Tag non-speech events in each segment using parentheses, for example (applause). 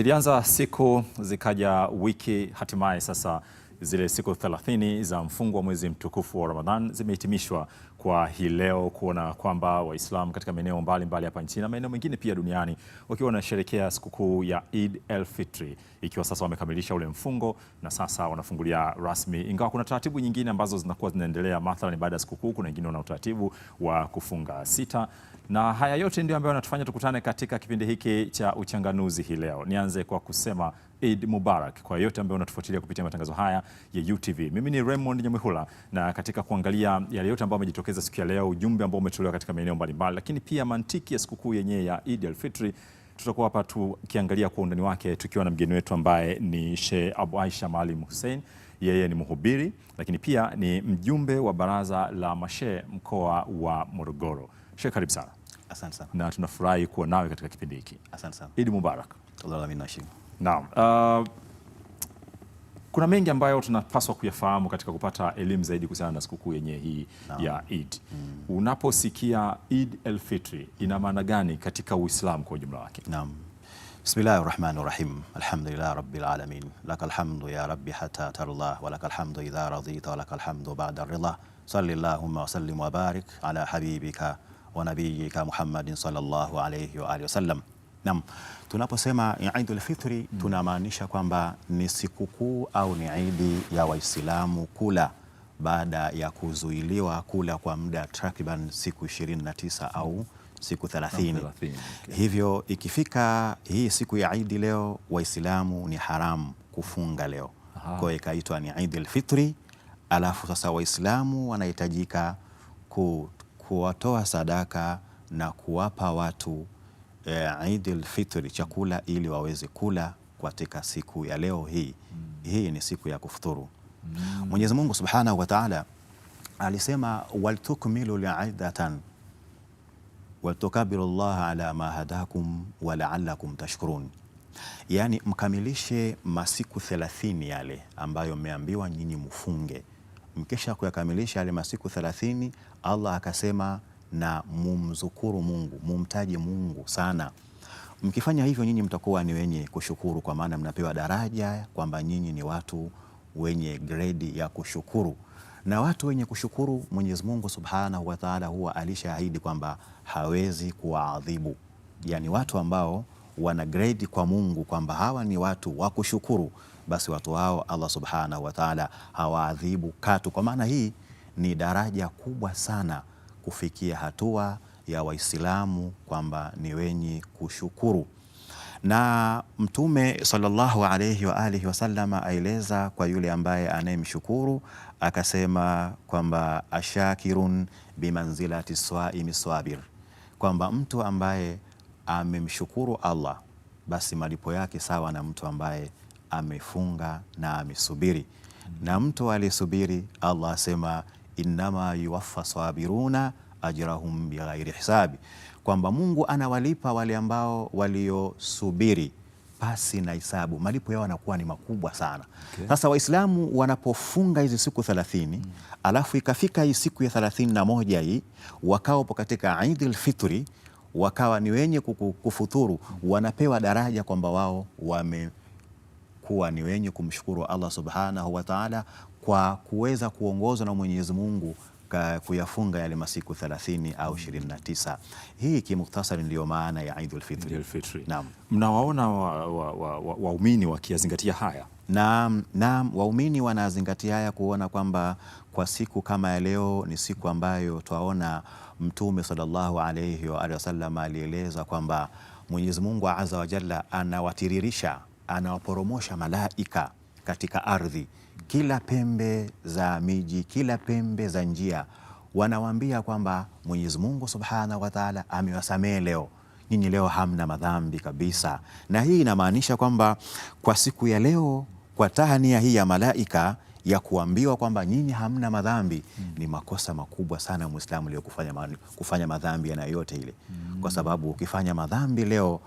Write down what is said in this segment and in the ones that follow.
Zilianza siku zikaja wiki, hatimaye sasa zile siku 30 za mfungo wa mwezi mtukufu wa Ramadhan zimehitimishwa kwa hii leo, kuona kwamba Waislamu katika maeneo mbalimbali hapa nchini na maeneo mengine pia duniani wakiwa wanasherehekea sikukuu ya Eid el-Fitri, ikiwa sasa wamekamilisha ule mfungo na sasa wanafungulia rasmi, ingawa kuna taratibu nyingine ambazo zinakuwa zinaendelea. Mathalan, baada ya sikukuu kuna wengine wana utaratibu wa kufunga sita na haya yote ndio ambayo anatufanya tukutane katika kipindi hiki cha Uchanganuzi hii leo. Nianze kwa kusema Eid Mubarak kwa yote ambayo unatufuatilia kupitia matangazo haya ya UTV. Mimi ni Raymond Nyamwihula, na katika kuangalia yale yote ambayo amejitokeza siku ya leo, ujumbe ambao umetolewa katika maeneo mbalimbali, lakini pia mantiki ya sikukuu yenyewe ya Eid al-Fitri tutakuwa hapa tukiangalia kwa undani wake tukiwa na mgeni wetu ambaye ni Sheikh Abu Aisha Maalim Hussein. Yeye ni mhubiri lakini pia ni mjumbe wa baraza la mashehe mkoa wa Morogoro. Sheikh, karibu sana. Asante sana. Na tunafurahi kuwa nawe katika kipindi hiki. Asante sana. Idi Mubarak. Naam. Uh, kuna mengi ambayo tunapaswa kuyafahamu katika kupata elimu zaidi kuhusiana na sikukuu yenyewe hii no. ya Eid. Mm. Unaposikia Eid el-Fitri ina maana gani katika Uislamu kwa ujumla wake? Naam. Bismillahir Rahmanir Rahim. Alhamdulillahi Rabbil Alamin. Lakal hamdu ya Rabbi hatta tardah wa lakal hamdu idha radita wa lakal hamdu ba'da ridha. Salli Allahumma wa sallim wa barik ala habibika wa nabiyika Muhammadin sallallahu alayhi wa alihi wasallam. Naam, tunaposema Idul Fitri mm. tunamaanisha kwamba ni sikukuu au ni idi ya Waislamu kula baada ya kuzuiliwa kula kwa muda takriban siku 29 au siku 30. Okay. Hivyo ikifika hii siku ya idi leo, Waislamu ni haramu kufunga leo, kwa hiyo ikaitwa ni Idul Fitri. Alafu sasa Waislamu wanahitajika ku kuwatoa sadaka na kuwapa watu e, eh, Idil Fitri chakula ili waweze kula katika siku ya leo hii. Mm. Hii ni siku ya kufuturu. Mm. Mwenyezi Mungu Subhanahu wa Ta'ala alisema waltukmilu liiddatan waltukabiru llaha ala ma hadakum walaalakum tashkurun, yani mkamilishe masiku thelathini yale ambayo mmeambiwa nyinyi mfunge mkisha kuyakamilisha yale masiku thelathini, Allah akasema na mumzukuru Mungu, mumtaje Mungu sana. Mkifanya hivyo nyinyi mtakuwa ni wenye kushukuru, kwa maana mnapewa daraja kwamba nyinyi ni watu wenye gredi ya kushukuru. Na watu wenye kushukuru, Mwenyezi Mungu Subhanahu wa Ta'ala huwa alishaahidi kwamba hawezi kuwaadhibu, yaani watu ambao wana gredi kwa Mungu kwamba hawa ni watu wa kushukuru basi watu hao Allah subhanahu wa taala hawaadhibu katu. Kwa maana hii ni daraja kubwa sana kufikia hatua ya Waislamu kwamba ni wenye kushukuru na Mtume sallallahu alayhi wa alihi wasallama aeleza kwa yule ambaye anayemshukuru akasema kwamba ashakirun bimanzilati swaimi swabir, kwamba mtu ambaye amemshukuru Allah basi malipo yake sawa na mtu ambaye amefunga na amesubiri mm na mtu aliyesubiri Allah asema innama yuwaffa sabiruna ajrahum bighairi hisabi, kwamba Mungu anawalipa wale ambao waliosubiri pasi na hisabu, malipo yao yanakuwa ni makubwa sana. Okay. Sasa Waislamu wanapofunga hizi siku thelathini mm. alafu ikafika hii siku ya thelathini na moja hii wakawapo katika Idil Fitri wakawa ni wenye kufuturu, hmm. wanapewa daraja kwamba wao wame kuwa ni wenye kumshukuru Allah subhanahu wa taala kwa kuweza kuongozwa na Mwenyezi Mungu kuyafunga yale masiku 30 au 29. Hii kimuktasari ndiyo maana ya Idul Fitri. Naam, mnawaona waumini wa, wa, wa wakiyazingatia haya. Naam, naam, waumini wanazingatia haya kuona kwamba kwa siku kama ya leo ni siku ambayo twaona Mtume sallallahu alayhi wa alihi wasallam alieleza kwamba Mwenyezi Mungu azza wa jalla anawatiririsha anawaporomosha malaika katika ardhi, kila pembe za miji, kila pembe za njia, wanawaambia kwamba Mwenyezi Mungu Subhanahu wa Ta'ala amewasamehe leo, nyinyi leo hamna madhambi kabisa. Na hii inamaanisha kwamba kwa siku ya leo, kwa tahania hii ya malaika ya kuambiwa kwamba nyinyi hamna madhambi mm. Ni makosa makubwa sana Muislamu leo kufanya, kufanya madhambi aina ile mm. Kwa sababu ukifanya madhambi leo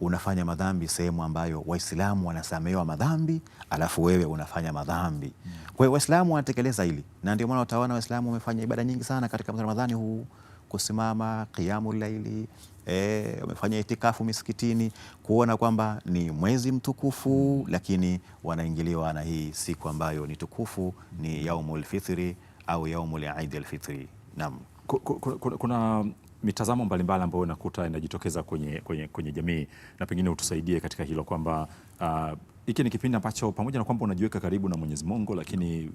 unafanya madhambi sehemu ambayo Waislamu wanasamehewa madhambi, alafu wewe unafanya madhambi. Kwa hiyo Waislamu wanatekeleza hili, na ndio maana utaona Waislamu wamefanya ibada nyingi sana katika Ramadhani huu, kusimama qiyamul laili, eh, wamefanya itikafu misikitini, kuona kwamba ni mwezi mtukufu, lakini wanaingiliwa na hii siku ambayo ni tukufu, ni yaumul fitri au yaumul idil fitri. Naam, kuna mitazamo mbalimbali ambayo unakuta inajitokeza kwenye, kwenye, kwenye jamii na pengine utusaidie katika hilo kwamba hiki uh, ni kipindi ambacho pamoja na kwamba unajiweka karibu na Mwenyezi Mungu, lakini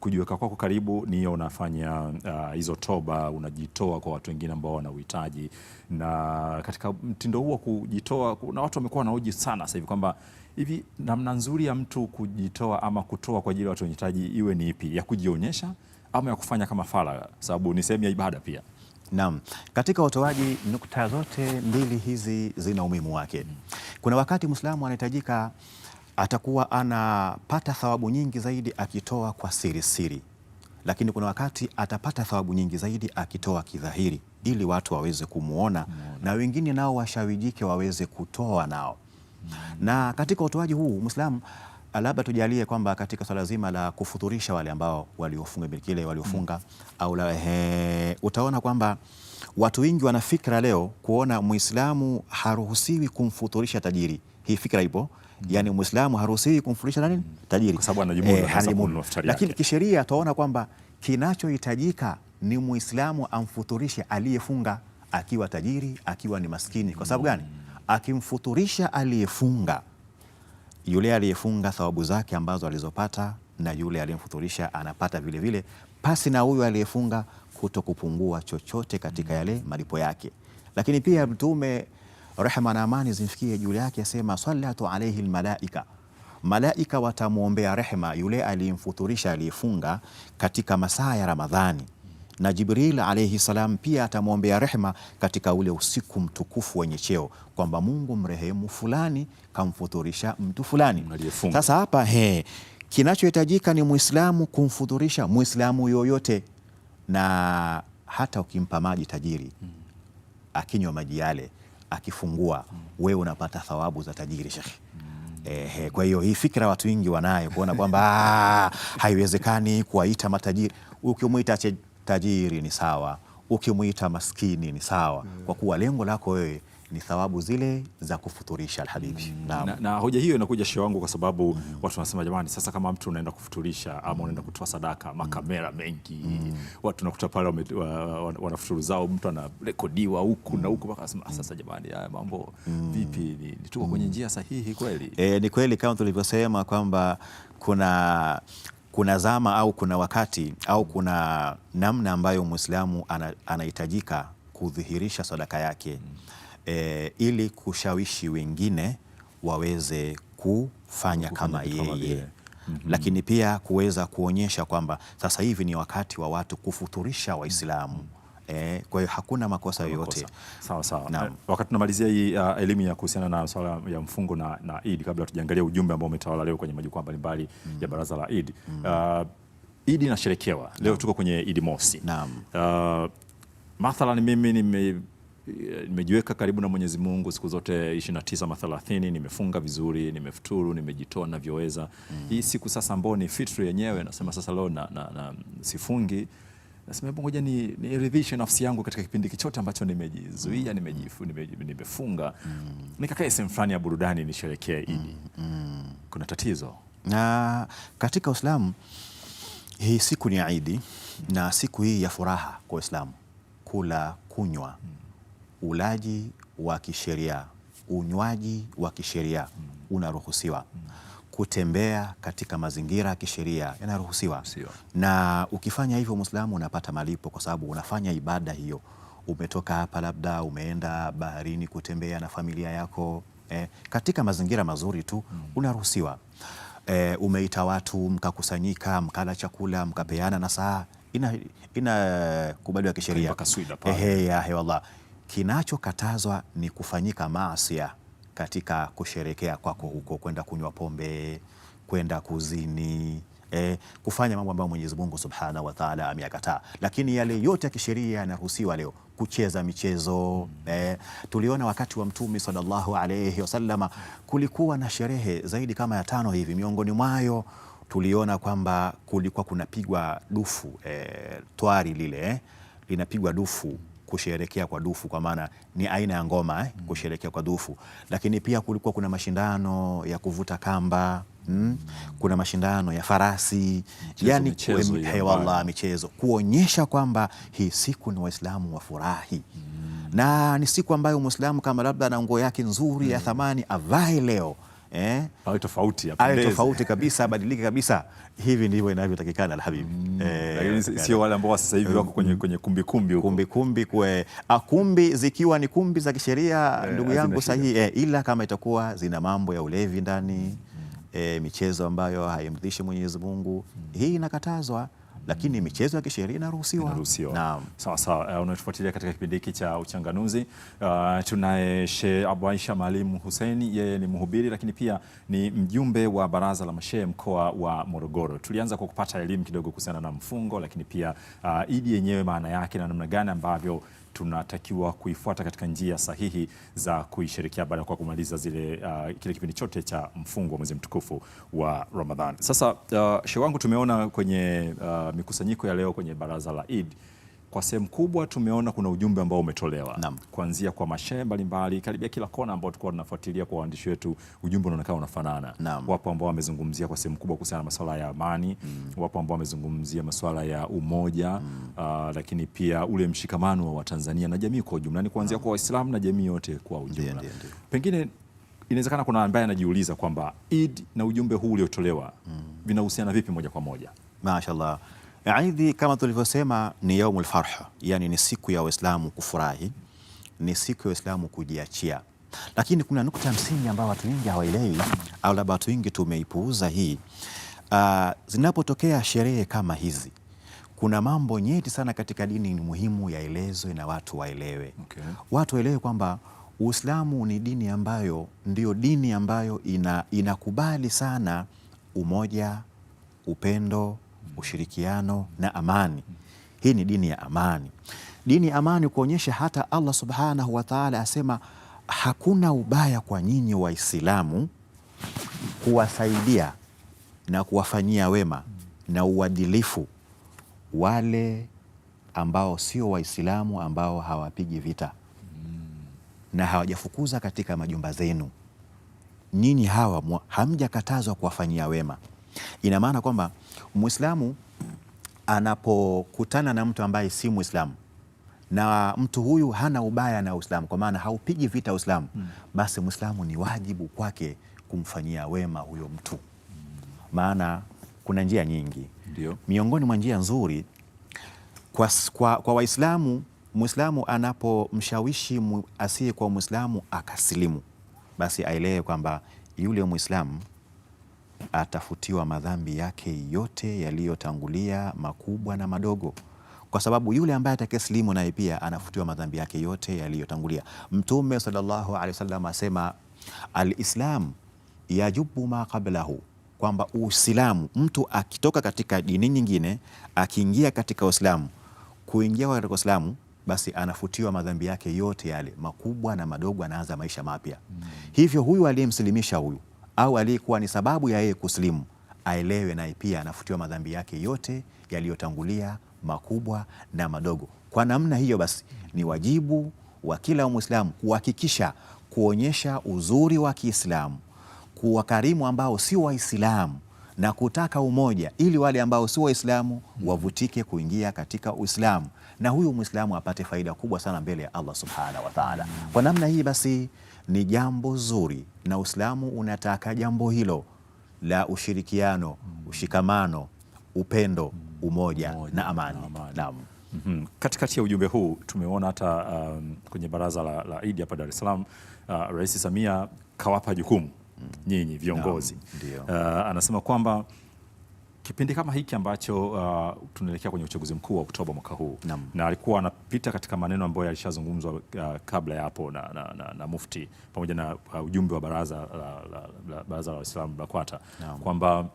kujiweka kwako karibu niyo unafanya uh, hizo uh, toba, unajitoa kwa watu wengine ambao wana uhitaji, na katika mtindo huo kujitoa, kuna watu wamekuwa wanaoji sana sasa hivi kwamba hivi namna nzuri ya mtu kujitoa ama kutoa kwa ajili ya watu wenye hitaji iwe ni ipi, ya kujionyesha ama ya kufanya kama fara, sababu ni sehemu ya ibada pia. Naam, katika utoaji nukta zote mbili hizi zina umuhimu wake. Kuna wakati Muislamu anahitajika atakuwa anapata thawabu nyingi zaidi akitoa kwa siri siri, lakini kuna wakati atapata thawabu nyingi zaidi akitoa kidhahiri, ili watu waweze kumwona na wengine nao washawijike waweze kutoa nao. Mm. Na katika utoaji huu Muislamu Ah, labda tujalie kwamba katika swala zima la kufuturisha wale ambao waliofunga kile waliofunga mm. au la he, utaona kwamba watu wengi wana fikra leo kuona Muislamu haruhusiwi kumfuturisha tajiri. Hii fikra ipo mm. yani Muislamu haruhusiwi kumfuturisha nani mm. tajiri, kwa sababu anajimulu. Eh, Lakini kisheria tuona kwamba kinachohitajika ni Muislamu amfuturishe aliyefunga, akiwa tajiri, akiwa ni maskini. Kwa sababu gani? Mm. Akimfuturisha aliyefunga yule aliyefunga thawabu zake ambazo alizopata na yule aliyemfuturisha anapata vile vile, pasi na huyo aliyefunga kuto kupungua chochote katika yale malipo yake. Lakini pia Mtume rehma na amani zimfikie juu yake asema, salatu alaihi lmalaika malaika watamwombea rehma yule aliyemfuturisha aliyefunga katika masaa ya Ramadhani na Jibril alaihi salam pia atamwombea rehma katika ule usiku mtukufu wenye cheo, kwamba Mungu mrehemu fulani kamfudhurisha mtu fulani. Sasa hapa kinachohitajika ni mwislamu kumfudhurisha Muislamu yoyote, na hata ukimpa maji tajiri hmm. akinywa maji yale akifungua, hmm. wewe unapata thawabu za tajiri shekhi. Ehe, kwa hiyo hii fikira watu wengi wanayo kuona kwamba (laughs) haiwezekani kuwaita matajiri ukimwita tajiri ni sawa, ukimwita maskini ni sawa, mm. kwa kuwa lengo lako wewe ni thawabu zile za kufuturisha alhabibi. Mm. Na, na, na hoja hiyo inakuja shia wangu kwa sababu mm. watu wanasema jamani, sasa kama mtu unaenda kufuturisha ama unaenda kutoa sadaka, mm. makamera mengi mm. watu nakuta pale wanafuturu zao, mtu anarekodiwa huku mm. na huku, mpaka anasema ah, sasa jamani, haya mambo mm. vipi? Ni, ni tuko kwenye njia sahihi kweli? E, ni kweli kama tulivyosema kwamba kuna kuna zama au kuna wakati au kuna namna ambayo Mwislamu anahitajika kudhihirisha sadaka yake e, ili kushawishi wengine waweze kufanya kama yeye. Mm -hmm. Lakini pia kuweza kuonyesha kwamba sasa hivi ni wakati wa watu kufuturisha Waislamu. Mm -hmm. Eh, kwa hiyo hakuna makosa yoyote. Sawa sawa. Na eh, wakati tunamalizia hii uh, elimu ya kuhusiana na swala ya mfungo na, na Eid, kabla tujaangalia ujumbe ambao umetawala leo kwenye majukwaa mbalimbali mm. ya baraza la Eid mm. uh, Eid inasherekewa leo tuko kwenye Eid Mosi. Naam. Uh, mathalan mimi nime nimejiweka karibu na Mwenyezi Mungu siku zote 29 ama 30, nimefunga vizuri, nimefuturu, nimejitoa navyoweza mm. hii siku sasa ambao ni fitri yenyewe, nasema sasa leo na, na, na sifungi nasema ngoja ni niridhishe nafsi yangu katika kipindi kichote ambacho nimejizuia, nimejifu, nimefunga mm. nikakae sehemu fulani ya burudani nisherekee Idi mm, mm. kuna tatizo? Na katika Uislamu hii siku ni ya Idi na siku hii ya furaha kwa Uislamu, kula kunywa, mm. ulaji wa kisheria, unywaji wa kisheria mm. unaruhusiwa mm kutembea katika mazingira ya kisheria yanaruhusiwa na ukifanya hivyo Muislamu unapata malipo kwa sababu unafanya ibada hiyo. Umetoka hapa labda umeenda baharini kutembea na familia yako eh, katika mazingira mazuri tu mm. unaruhusiwa eh, umeita watu mkakusanyika mkala chakula mkapeana na saa ina kisheria. Ehe, ya hewallah, kinachokatazwa ni kufanyika maasia katika kusherekea kwako huko, kwenda kunywa pombe, kwenda kuzini eh, kufanya mambo ambayo Mwenyezi Mungu Subhanahu wa Ta'ala ameyakataa. Lakini yale yote ya kisheria yanaruhusiwa leo, kucheza michezo eh. Tuliona wakati wa Mtume sallallahu alayhi wasallama kulikuwa na sherehe zaidi kama ya tano hivi, miongoni mwayo tuliona kwamba kulikuwa kunapigwa dufu eh, twari lile eh, linapigwa dufu kusherekea kwa dufu, kwa maana ni aina ya ngoma eh, mm. kusherekea kwa dufu. Lakini pia kulikuwa kuna mashindano ya kuvuta kamba hmm? mm, kuna mashindano ya farasi michezo, yani michezo, hey, wallah, michezo kuonyesha kwamba hii siku ni Waislamu wafurahi mm. na ni siku ambayo Muislamu kama labda na nguo yake nzuri mm. ya thamani avae leo eh, awe tofauti, awe tofauti kabisa, abadilike kabisa. Hivi ndivyo inavyotakikana Alhabibi, mm, eh, lakini sio wale ambao sasa hivi wako kwenye kwenye kumbi kumbi huko, kumbi kumbi kwe ah, kumbi, zikiwa ni kumbi za kisheria, eh, ndugu yangu sahihi eh, ila kama itakuwa zina mambo ya ulevi ndani, mm. eh, michezo ambayo haimridhishi Mwenyezi Mungu, mm. hii inakatazwa lakini michezo ya kisheria inaruhusiwa. Naam, sawa sawa. Uh, eh, unatufuatilia katika kipindi hiki cha Uchanganuzi. Uh, tunaye Sheikh Abu Aisha Maalim Hussein, yeye ni mhubiri lakini pia ni mjumbe wa baraza la mashehe mkoa wa Morogoro. Tulianza kwa kupata elimu kidogo kuhusiana na mfungo, lakini pia uh, Idi yenyewe maana yake na namna gani ambavyo tunatakiwa kuifuata katika njia sahihi za kuishirikia baada ya kwa kumaliza zile uh, kile kipindi chote cha mfungo wa mwezi mtukufu wa ramadhan Sasa uh, shehe wangu, tumeona kwenye uh, mikusanyiko ya leo kwenye baraza la Eid kwa sehemu kubwa tumeona kuna ujumbe ambao umetolewa kuanzia kwa mashehe mbalimbali karibia kila kona ambao tulikuwa tunafuatilia kwa waandishi wetu, ujumbe unaonekana unafanana. Wapo ambao wamezungumzia kwa sehemu kubwa kuhusiana na masuala ya amani mm. wapo ambao wamezungumzia masuala ya umoja mm. uh, lakini pia ule mshikamano wa Watanzania na jamii kwa ujumla, ni kuanzia kwa Waislamu na jamii yote kwa ujumla. Ndiyo, ndiyo. Pengine inawezekana kuna ambaye anajiuliza kwamba Eid na ujumbe huu uliotolewa mm. vinahusiana vipi moja kwa moja? Mashaallah. Aidhi, kama tulivyosema ni yaumul farha, yani ni siku ya Waislamu kufurahi, ni siku ya Waislamu kujiachia. Lakini kuna nukta msingi ambayo watu wengi hawaelewi au labda watu wengi tumeipuuza hii. Uh, zinapotokea sherehe kama hizi kuna mambo nyeti sana katika dini ni muhimu yaelezwe na watu waelewe. Okay. Watu waelewe kwamba Uislamu ni dini ambayo ndio dini ambayo ina, inakubali sana umoja, upendo ushirikiano na amani. Hii ni dini ya amani, dini ya amani, kuonyesha hata Allah subhanahu wa taala asema hakuna ubaya kwa nyinyi Waislamu kuwasaidia na kuwafanyia wema na uadilifu wale ambao sio Waislamu ambao hawapigi vita na hawajafukuza katika majumba zenu. Nyinyi hawa hamjakatazwa kuwafanyia wema. Ina maana kwamba Mwislamu anapokutana na mtu ambaye si Mwislamu na mtu huyu hana ubaya na Uislamu kwa maana haupigi vita Uislamu mm. Basi Mwislamu ni wajibu kwake kumfanyia wema huyo mtu mm. Maana kuna njia nyingi Dio. Miongoni mwa njia nzuri kwa, kwa, kwa Waislamu, Mwislamu anapomshawishi asiye kwa Mwislamu akasilimu, basi aelewe kwamba yule Mwislamu atafutiwa madhambi yake yote yaliyotangulia makubwa na madogo, kwa sababu yule ambaye atakayesilimu naye pia anafutiwa madhambi yake yote yaliyotangulia. Mtume sallallahu alaihi wasallam asema alislam yajubu ma qablahu, kwamba Uislamu, mtu akitoka katika dini nyingine akiingia katika Uislamu, kuingia katika Uislamu basi anafutiwa madhambi yake yote yale makubwa na madogo, anaanza maisha mapya. Mm. Hivyo huyu aliyemsilimisha huyu au aliyekuwa ni sababu ya yeye kusilimu aelewe naye pia anafutiwa madhambi yake yote yaliyotangulia makubwa na madogo. Kwa namna hiyo basi, ni wajibu wa kila Mwislamu kuhakikisha kuonyesha uzuri wa Kiislamu, kuwakarimu ambao si Waislamu na kutaka umoja ili wale ambao si Waislamu wavutike kuingia katika Uislamu na huyu Mwislamu apate faida kubwa sana mbele ya Allah subhanahu wa taala. Kwa namna hii basi ni jambo zuri, na Uislamu unataka jambo hilo la ushirikiano, ushikamano, upendo, umoja, umoja na amani, na amani. Naam. Mm -hmm. Katikati ya ujumbe huu tumeona hata um, kwenye baraza la, la Idi hapa Dar es Salaam uh, Rais Samia kawapa jukumu mm. nyinyi viongozi no, uh, anasema kwamba kipindi kama hiki ambacho uh, tunaelekea kwenye uchaguzi mkuu wa Oktoba mwaka huu na, na alikuwa anapita katika maneno ambayo yalishazungumzwa uh, kabla ya hapo na, na, na, na Mufti pamoja na uh, ujumbe wa baraza la, la, la, baraza la Waislamu BAKWATA kwamba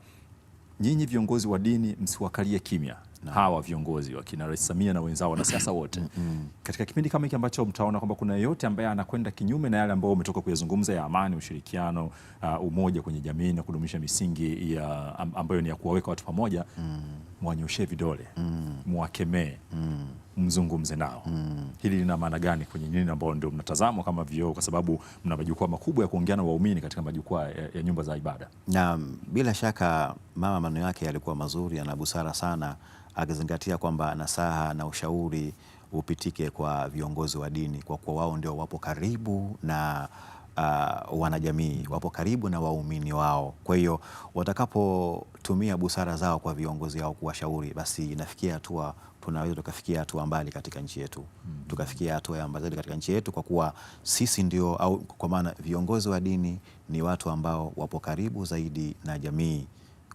nyinyi viongozi wa dini msiwakalie kimya no. hawa viongozi wakina Rais Samia na wenzao wanasiasa wote mm -hmm. katika kipindi kama hiki ambacho mtaona kwamba kuna yeyote ambaye anakwenda kinyume na yale ambayo umetoka kuyazungumza ya amani, ushirikiano, uh, umoja kwenye jamii na kudumisha misingi ya ambayo ni ya kuwaweka watu pamoja mm -hmm mwanyoshee vidole mm. mwakemee mm. mzungumze nao mm. hili lina maana gani kwenye nyinyi ambao ndio mnatazamwa kama vioo, kwa sababu mna majukwaa makubwa ya kuongeana waumini katika majukwaa ya, ya nyumba za ibada? na bila shaka mama maneno yake yalikuwa mazuri, ana busara sana, akizingatia kwamba nasaha na ushauri upitike kwa viongozi wa dini, kwa kuwa wao ndio wapo karibu na uh, wanajamii wapo karibu na waumini wao. Kwa hiyo watakapotumia busara zao kwa viongozi wao kuwashauri, basi inafikia hatua tunaweza tukafikia hatua mbali katika nchi yetu mm -hmm. Tukafikia hatua ya mbali katika nchi yetu, kwa kuwa sisi ndio au kwa maana viongozi wa dini ni watu ambao wapo karibu zaidi na jamii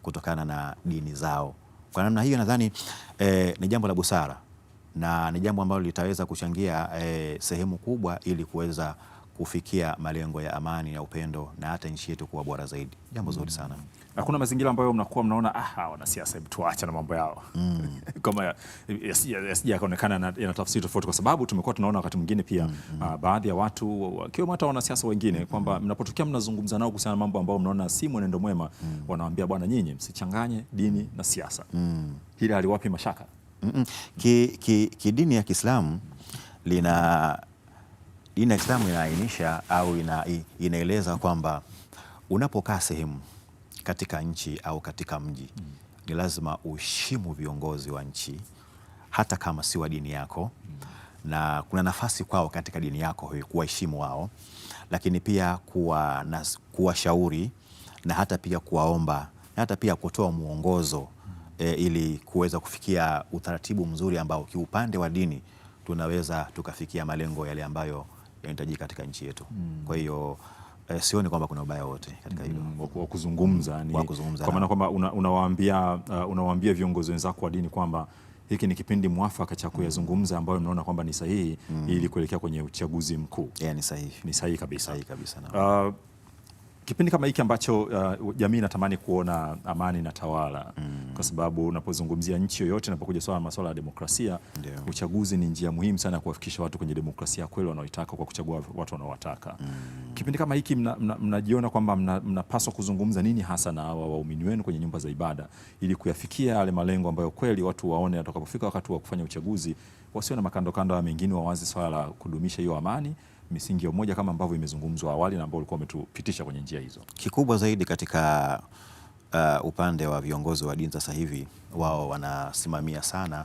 kutokana na dini zao. Kwa namna hiyo nadhani eh, ni jambo la busara na ni jambo ambalo litaweza kuchangia eh, sehemu kubwa ili kuweza kufikia malengo ya amani na upendo na hata nchi yetu kuwa bora zaidi. Jambo mm. zuri sana. Hakuna mazingira ambayo mnakuwa mnaona ah, wanasiasa hebu tuache na mambo yao mm. (laughs) kama yasija yakaonekana yana tafsiri tofauti, kwa sababu tumekuwa tunaona wakati mwingine pia mm -hmm. uh, baadhi ya watu wakiwemo hata wanasiasa wengine mm -hmm. kwamba mm. mnapotokea mnazungumza nao kuhusiana na mambo ambayo mnaona si mwenendo mwema mm -hmm. wanawaambia bwana, nyinyi msichanganye dini na siasa mm -hmm. hili haliwapi mashaka mm -mm. Kidini ki, ki ya Kiislamu lina Dini ya Islamu inaainisha au ina, inaeleza kwamba unapokaa sehemu katika nchi au katika mji mm. ni lazima uheshimu viongozi wa nchi hata kama si wa dini yako mm. na kuna nafasi kwao katika dini yako kuwaheshimu wao, lakini pia kuwashauri na hata pia kuwaomba na hata pia kutoa mwongozo mm. e, ili kuweza kufikia utaratibu mzuri ambao kiupande wa dini tunaweza tukafikia malengo yale ambayo yanahitajika katika nchi yetu mm. Kwa hiyo eh, sioni kwamba kuna ubaya wote katika hilo mm. wa kuzungumza ni kwa maana kwamba unawaambia una uh, unawaambia viongozi wenzako wa dini kwamba hiki ni kipindi mwafaka cha hmm. kuyazungumza ambayo mnaona kwamba ni sahihi mm. ili kuelekea kwenye uchaguzi mkuu. Yeah, ni sahihi. Ni sahihi kabisa. Sahihi kabisa na. Uh, kipindi kama hiki ambacho uh, jamii inatamani kuona amani na tawala mm. Kwa sababu unapozungumzia nchi yoyote, inapokuja swala la masuala ya demokrasia Deo. Uchaguzi ni njia muhimu sana ya kuwafikisha watu kwenye demokrasia kweli wanaoitaka kwa kuchagua watu wanaowataka mm. Kipindi kama hiki mnajiona mna, mna kwamba mnapaswa mna kuzungumza nini hasa na hawa waumini wenu kwenye nyumba za ibada ili kuyafikia yale malengo ambayo kweli watu waone atakapofika wakati wa kufanya uchaguzi wasio na makandokando ya mengine, wawazi swala la kudumisha hiyo amani misingi ya umoja kama ambavyo imezungumzwa awali na ambao ulikuwa umetupitisha kwenye njia hizo. Kikubwa zaidi katika uh, upande wa viongozi wa dini sasa hivi wao wanasimamia sana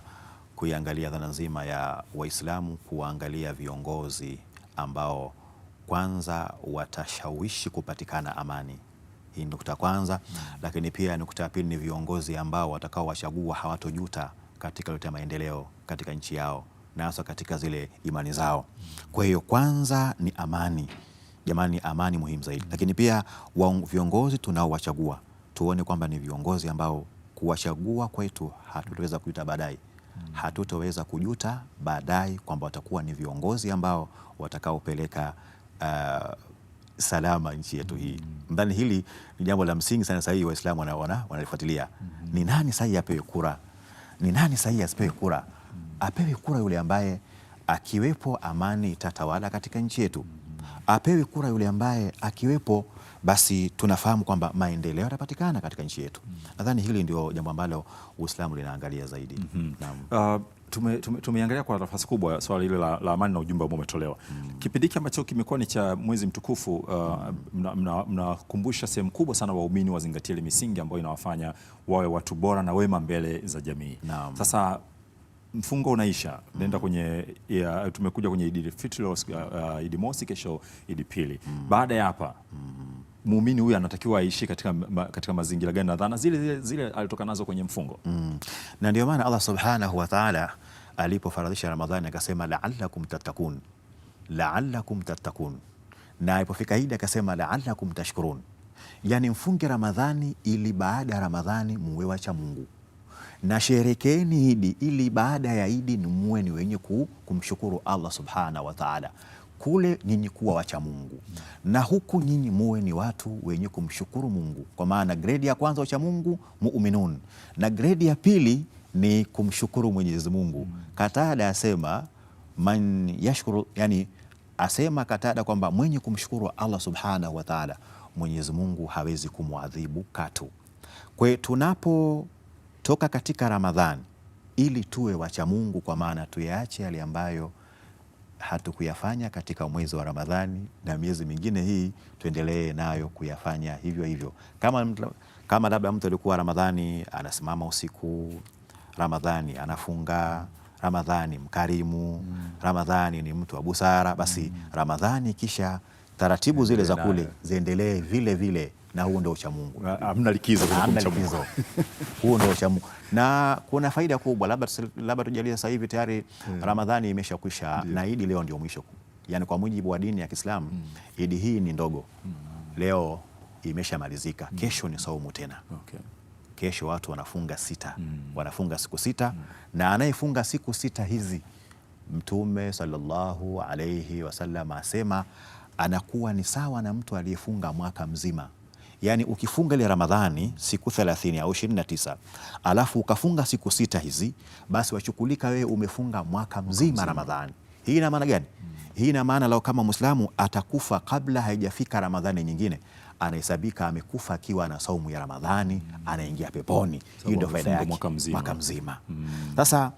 kuiangalia dhana nzima ya Waislamu, kuwaangalia viongozi ambao kwanza watashawishi kupatikana amani. Hii nukta kwanza mm. Lakini pia nukta ya pili ni viongozi ambao watakao wachagua hawatojuta katika ya maendeleo katika nchi yao na hasa katika zile imani zao. Kwa hiyo kwanza ni amani, jamani, amani muhimu zaidi, lakini pia viongozi tunaowachagua tuone kwamba ni viongozi ambao kuwachagua kwetu hatutaweza kujuta baadaye, hatutaweza kujuta baadaye kwamba watakuwa ni viongozi ambao watakaopeleka uh, salama nchi yetu hii. Nadhani hili ni jambo la msingi sana. sahihi Waislamu wanalifuatilia, ni nani sahihi apewe kura, ni nani sahihi asipewe kura apewe kura yule ambaye akiwepo amani itatawala katika nchi yetu, apewe kura yule ambaye akiwepo basi tunafahamu kwamba maendeleo yatapatikana katika nchi yetu. Nadhani hili ndio jambo ambalo Uislamu linaangalia zaidi. mm -hmm. tumeangalia kwa nafasi kubwa swala hili la, la amani na ujumbe ambao umetolewa. mm Kipindi hiki ambacho kimekuwa ni cha mwezi mtukufu uh, ah, mnakumbusha mna, mna sehemu kubwa sana waumini wazingatie ile misingi ambayo inawafanya wawe watu bora na wema mbele za jamii. Naam. Sasa mfungo unaisha, nenda kwenye ya, tumekuja kwenye Idi Fitri, uh, uh Idi Mosi, kesho Idi Pili. Mm. Baada ya hapa mm. muumini huyu anatakiwa aishi katika, ma, katika mazingira gani na dhana zile, zile, zile alitoka nazo kwenye mfungo mm. Na ndio maana Allah subhanahu wa ta'ala alipofaradhisha Ramadhani akasema la'allakum tattakun, la'allakum tattakun, na alipofika Idi akasema la'allakum tashkurun, yani mfunge Ramadhani ili baada ya Ramadhani muwe wacha Mungu na sherekeeni Idi ili baada ya Idi ni muwe ni wenye kumshukuru Allah subhanahu wa taala kule nyinyi kuwa wacha Mungu na huku nyinyi muwe ni watu wenye kumshukuru Mungu, kwa maana gredi ya kwanza wacha Mungu muminun, na gredi ya pili ni kumshukuru Mwenyezi Mungu. Katada asema man yashkuru, yani asema Katada kwamba mwenye kumshukuru Allah subhanahu wa taala Mwenyezi Mungu hawezi kumwadhibu katu. Kwe tunapo kutoka katika Ramadhani ili tuwe wacha Mungu, kwa maana tuyaache yale ambayo hatukuyafanya katika mwezi wa Ramadhani na miezi mingine hii tuendelee nayo kuyafanya hivyo hivyo. Kama, kama labda mtu alikuwa Ramadhani anasimama usiku, Ramadhani anafunga, Ramadhani mkarimu mm. Ramadhani ni mtu wa busara, basi mm. Ramadhani kisha taratibu zile za kule ziendelee vile vile na huo ndio Mungu. hamna likizo, hamna Mungu. (laughs) Huo ndio Mungu. na kuna faida kubwa, labda labda tujalie sasa hivi tayari hmm. Ramadhani imeshakwisha na Idi leo ndio mwisho, yaani kwa mujibu wa dini ya Kiislamu mm. Idi hii ni ndogo Hmm. Leo imeshamalizika Hmm. Kesho ni saumu tena okay. Kesho watu wanafunga sita mm. wanafunga siku sita mm. na anayefunga siku sita hizi Mtume sallallahu alayhi wasallam asema anakuwa ni sawa na mtu aliyefunga mwaka mzima yani ukifunga ile Ramadhani siku 30 au 29 alafu ukafunga siku sita hizi, basi wachukulika wewe umefunga mwaka mzima mzima. Ramadhani. Hii ina maana gani? Hmm. Hii ina maana lao kama Muislamu atakufa kabla haijafika Ramadhani nyingine anahesabika amekufa akiwa na saumu ya Ramadhani, hmm. anaingia peponi. Hiyo ndio faida yake mwaka mzima, mwaka mzima. Mm. Sasa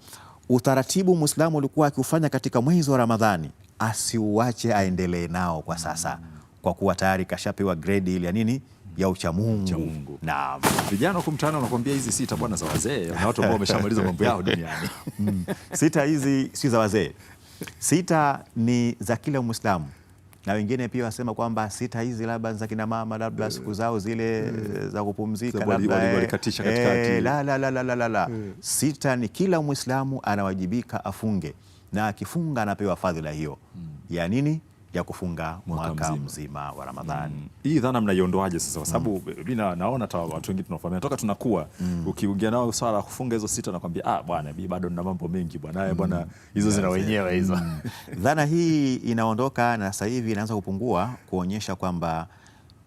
utaratibu Muislamu alikuwa akiufanya katika mwezi wa Ramadhani asiuache, aendelee nao kwa sasa, hmm. kwa kuwa tayari kashapewa grade ile ya nini ya uchamungu, uchamungu. Na vijana wakumtana wanakuambia hizi sita bwana za wazee na watu ambao wameshamaliza mambo yao duniani. (laughs) Mm. Sita hizi si za wazee, sita ni za kila Mwislamu na wengine pia wasema kwamba sita hizi labda za kina mama labda eh. siku zao zile mm. za kupumzika labda eh, walikatisha katikati. Eh, la, la, la, la, la, la. Mm. Sita ni kila Mwislamu anawajibika afunge na akifunga anapewa fadhila hiyo mm. ya nini? ya kufunga mwaka, mwaka mzima, mzima wa Ramadhani. Mm. Hii dhana mnaiondoaje sasa kwa sababu mm. mimi naona hata watu wengi tunafahamiana toka tunakuwa mm. ukiongea nao swala la kufunga hizo sita nakwambia ah, bwana mimi bado nina mambo mengi bwana mm. bwana hizo zina wenyewe hizo. Mm. Dhana hii inaondoka na sasa hivi inaanza kupungua kuonyesha kwamba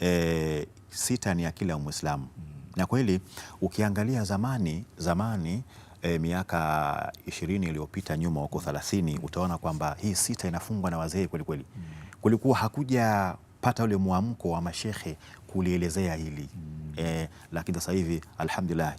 e, sita ni ya kila Muislamu. Mm. Na kweli ukiangalia zamani zamani e, miaka ishirini iliyopita nyuma huko thelathini, utaona kwamba hii sita inafungwa na wazee kwelikweli. mm. kulikuwa hakuja pata ule mwamko wa mashehe kulielezea hili mm. e, lakini sasa hivi alhamdulillah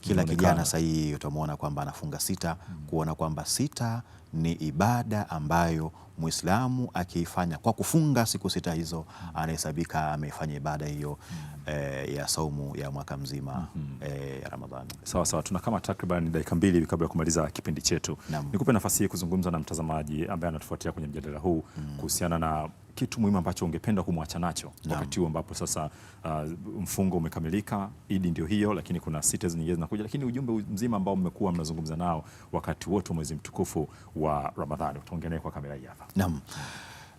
kila kijana sahihi utamwona kwamba anafunga sita, hmm. kuona kwamba sita ni ibada ambayo Muislamu akiifanya kwa kufunga siku sita hizo hmm. anahesabika amefanya ibada hiyo hmm. eh, ya saumu ya mwaka mzima eh, ya Ramadhani. Sawa sawa, tuna kama takriban dakika mbili kabla ya kumaliza kipindi chetu. Nikupe nafasi hii kuzungumza na mtazamaji ambaye anatufuatia kwenye mjadala huu kuhusiana na kitu muhimu ambacho ungependa kumwacha nacho wakati huo ambapo sasa uh, mfungo umekamilika, Idi ndio hiyo, lakini kuna sites nyingine zinakuja, lakini ujumbe mzima ambao mmekuwa mnazungumza nao wakati wote mwezi mtukufu wa Ramadhani, utaongea naye kwa kamera hii hapa. Naam.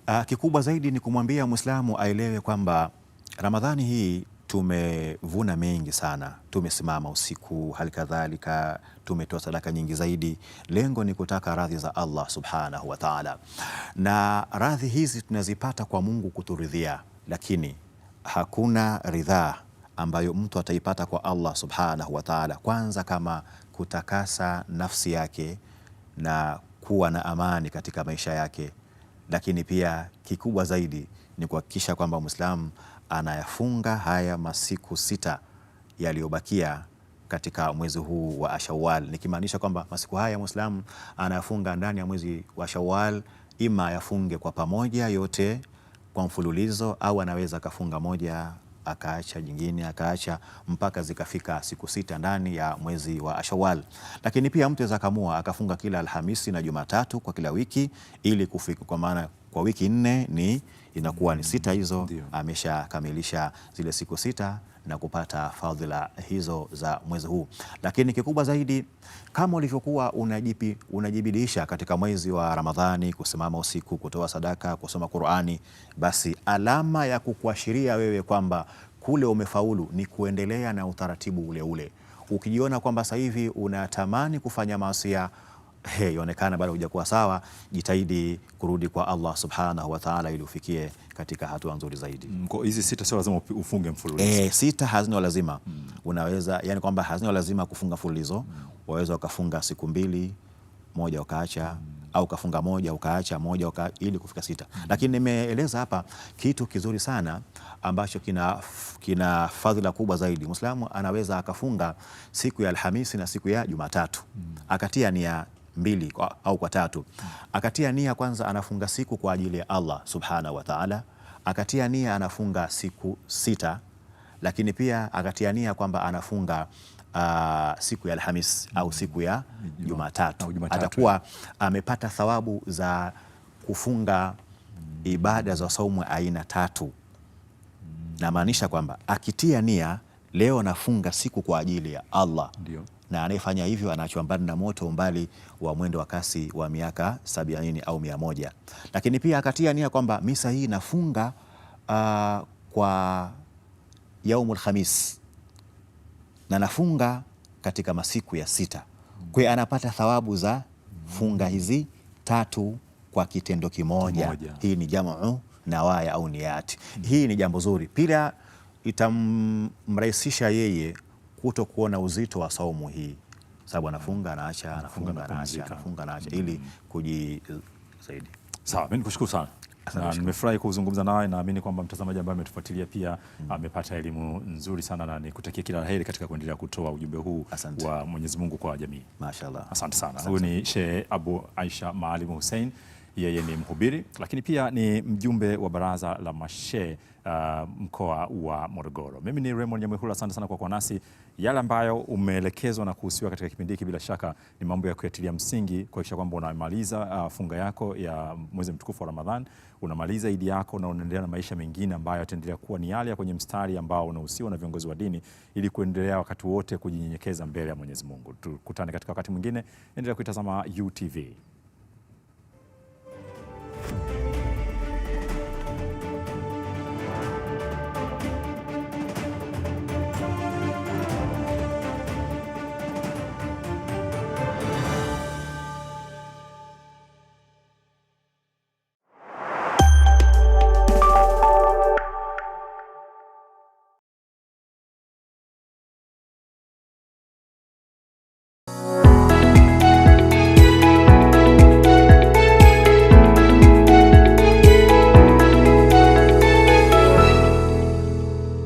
Uh, kikubwa zaidi ni kumwambia Muislamu aelewe kwamba Ramadhani hii tumevuna mengi sana, tumesimama usiku, hali kadhalika tumetoa sadaka nyingi zaidi. Lengo ni kutaka radhi za Allah subhanahu wa ta'ala, na radhi hizi tunazipata kwa Mungu kuturidhia, lakini hakuna ridhaa ambayo mtu ataipata kwa Allah subhanahu wa ta'ala kwanza kama kutakasa nafsi yake na kuwa na amani katika maisha yake, lakini pia kikubwa zaidi ni kuhakikisha kwamba mwislamu anayafunga haya masiku sita yaliyobakia katika mwezi huu wa Shawwal, nikimaanisha kwamba masiku haya mwislamu anayafunga ndani ya mwezi wa Shawwal, ima ayafunge kwa pamoja yote kwa mfululizo, au anaweza akafunga moja akaacha jingine akaacha mpaka zikafika siku sita ndani ya mwezi wa Shawwal. Lakini pia mtu aweza akamua akafunga kila Alhamisi na Jumatatu kwa kila wiki ili kufika, kwa maana kwa wiki nne ni inakuwa ni sita hizo. Ameshakamilisha zile siku sita na kupata fadhila hizo za mwezi huu. Lakini kikubwa zaidi, kama ulivyokuwa unajipi unajibidisha katika mwezi wa Ramadhani, kusimama usiku, kutoa sadaka, kusoma Qur'ani, basi alama ya kukuashiria wewe kwamba kule umefaulu ni kuendelea na utaratibu ule ule. Ukijiona kwamba sasa hivi unatamani kufanya maasia hey, yaonekana bado hujakuwa sawa, jitahidi kurudi kwa Allah subhanahu wa ta'ala, ili ufikie katika hatua nzuri zaidi. Mm, hizi sita sio lazima ufunge mfululizo Eh, sita hazina lazima mm. Unaweza yani kwamba hazina lazima kufunga mfululizo mm. Waweza ukafunga siku mbili moja ukaacha mm. au ukafunga moja ukaacha moja uka, ili kufika sita mm. Lakini nimeeleza hapa kitu kizuri sana ambacho kina, kina fadhila kubwa zaidi. Muislamu anaweza akafunga siku ya Alhamisi na siku ya Jumatatu mm. akatia nia mbili kwa, au kwa tatu. Akatia nia kwanza, anafunga siku kwa ajili ya Allah subhanahu wa ta'ala. Akatia nia anafunga siku sita, lakini pia akatia nia kwamba anafunga Uh, siku ya Alhamis au siku ya Jumatatu atakuwa amepata thawabu za kufunga ibada za saumu aina tatu. Namaanisha kwamba akitia nia leo nafunga siku kwa ajili ya Allah. Ndiyo na anayefanya hivyo anaachwa mbali na moto umbali wa mwendo wa kasi wa miaka sabini au mia moja. Lakini pia akatia nia kwamba misa hii inafunga uh, kwa yaumul khamis na nafunga katika masiku ya sita. Kwa hiyo anapata thawabu za funga hizi tatu kwa kitendo kimoja. Moja. Hii ni jamu nawaya au niati. Hii ni jambo zuri, pia itamrahisisha yeye kuto kuona uzito wa saumu hii, sababu anafunga anaacha, anafunga anaacha, anafunga anaacha mm. ili kuji eh, zaidi. Sawa, mimi nikushukuru sana. Nimefurahi kuzungumza nawe, naamini kwamba mtazamaji ambaye ametufuatilia pia mm. amepata elimu nzuri sana, na nikutakia kila laheri katika kuendelea kutoa ujumbe huu Asante. wa Mwenyezi Mungu kwa jamii. Mashaallah. Asante sana. Huyu ni Sheikh Abu Aisha Maalim Hussein. Yeye ni mhubiri lakini pia ni mjumbe wa baraza la mashehe uh, mkoa wa Morogoro. Mimi ni Raymond Nyamwihula, asante sana kwa kuwa nasi. Yale ambayo umeelekezwa na kuhusiwa katika kipindi hiki, bila shaka ni mambo ya kuyatilia msingi, kuhakikisha kwamba unamaliza uh, funga yako ya mwezi mtukufu wa Ramadhan, unamaliza idi yako na unaendelea na maisha mengine ambayo yataendelea kuwa ni yale ya kwenye mstari ambao unahusiwa na viongozi wa dini, ili kuendelea wakati wote kujinyenyekeza mbele ya Mwenyezi Mungu. Tukutane katika wakati mwingine, endelea kuitazama UTV.